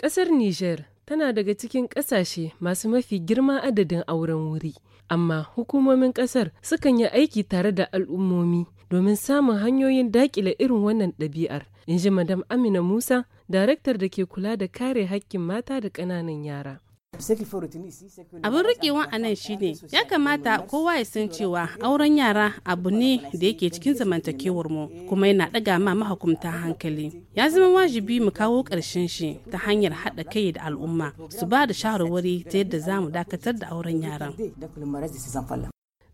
Ƙasar Nijar tana daga cikin ƙasashe masu mafi girma adadin auren wuri, amma hukumomin ƙasar sukan yi aiki tare da al'ummomi domin samun hanyoyin daƙile irin wannan ɗabi'ar, in ji Madam Amina Musa, daraktar da ke kula da kare haƙƙin mata da ƙananan yara. abin rikewa a nan shine ya kamata kowa ya san cewa auren yara abu ne da yake cikin zamantakewar mu kuma yana daga ma mahukunta hankali ya zama wajibi mu kawo ƙarshen shi ta hanyar haɗa kai da al'umma su ba da shawarwari ta yadda za mu dakatar da auren yaran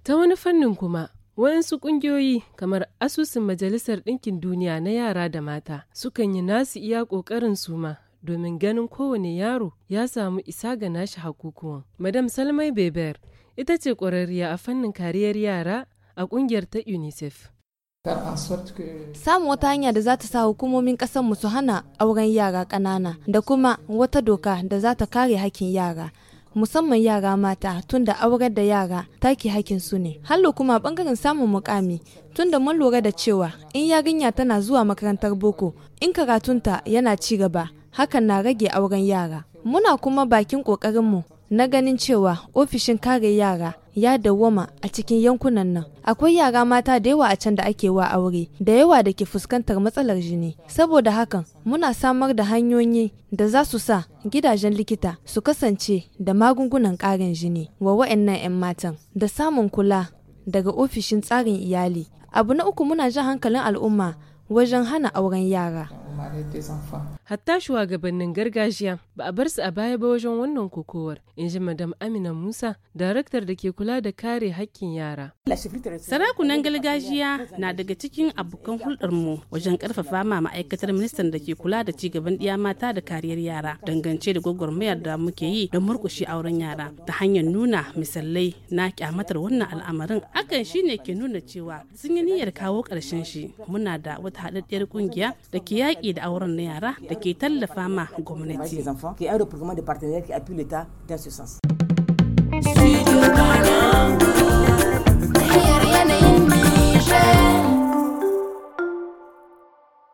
ta wani fannin kuma waɗansu ƙungiyoyi kamar asusun majalisar ɗinkin duniya na yara da mata sukan yi nasu iya ƙoƙarin suma domin ganin kowane yaro ya samu isa ga nashi hakukuwan. Madam Salmai Beber ita ce ƙwararriya a fannin kariyar yara a ƙungiyar ta UNICEF. Samun wata hanya da za ta sa hukumomin mu su hana auren yara ƙanana da kuma wata doka da za ta kare hakkin yara. musamman yara mata tunda aurar da yara take hakin su ne hallo kuma bangaren samun mukami tunda mun lura da cewa in yarinya tana zuwa makarantar boko in karatunta yana ci gaba hakan na rage auren yara muna kuma bakin ƙoƙarinmu na ganin cewa ofishin kare yara ya dawwama a cikin yankunan nan akwai yara mata da yawa a can da ake wa aure da yawa da ke fuskantar matsalar jini saboda hakan muna samar da hanyoyi da za su sa gidajen likita su kasance da magungunan ƙarin jini wa wa'annan 'yan matan da samun kula daga ofishin tsarin iyali abu na uku muna jin hankalin al'umma wajen hana auren yara Hatta shugabannin gargajiya ba a bar su a baya ba wajen wannan kokowar, in ji Madam Amina Musa, daraktar da ke kula da kare hakkin yara. Sarakunan gargajiya na daga cikin abokan hulɗarmu wajen ƙarfafa ma ma'aikatar ministan da ke kula da ci gaban ɗiya mata da kariyar yara dangance da gwagwarmayar da muke yi don murƙushe auren yara ta hanyar nuna misalai na kyamatar wannan al'amarin hakan shine ke nuna cewa sun yi niyyar kawo ƙarshen shi muna da wata haɗaɗɗiyar ƙungiya da ke yaƙi da qui de partenaires qui qui pu l'état dans ce sens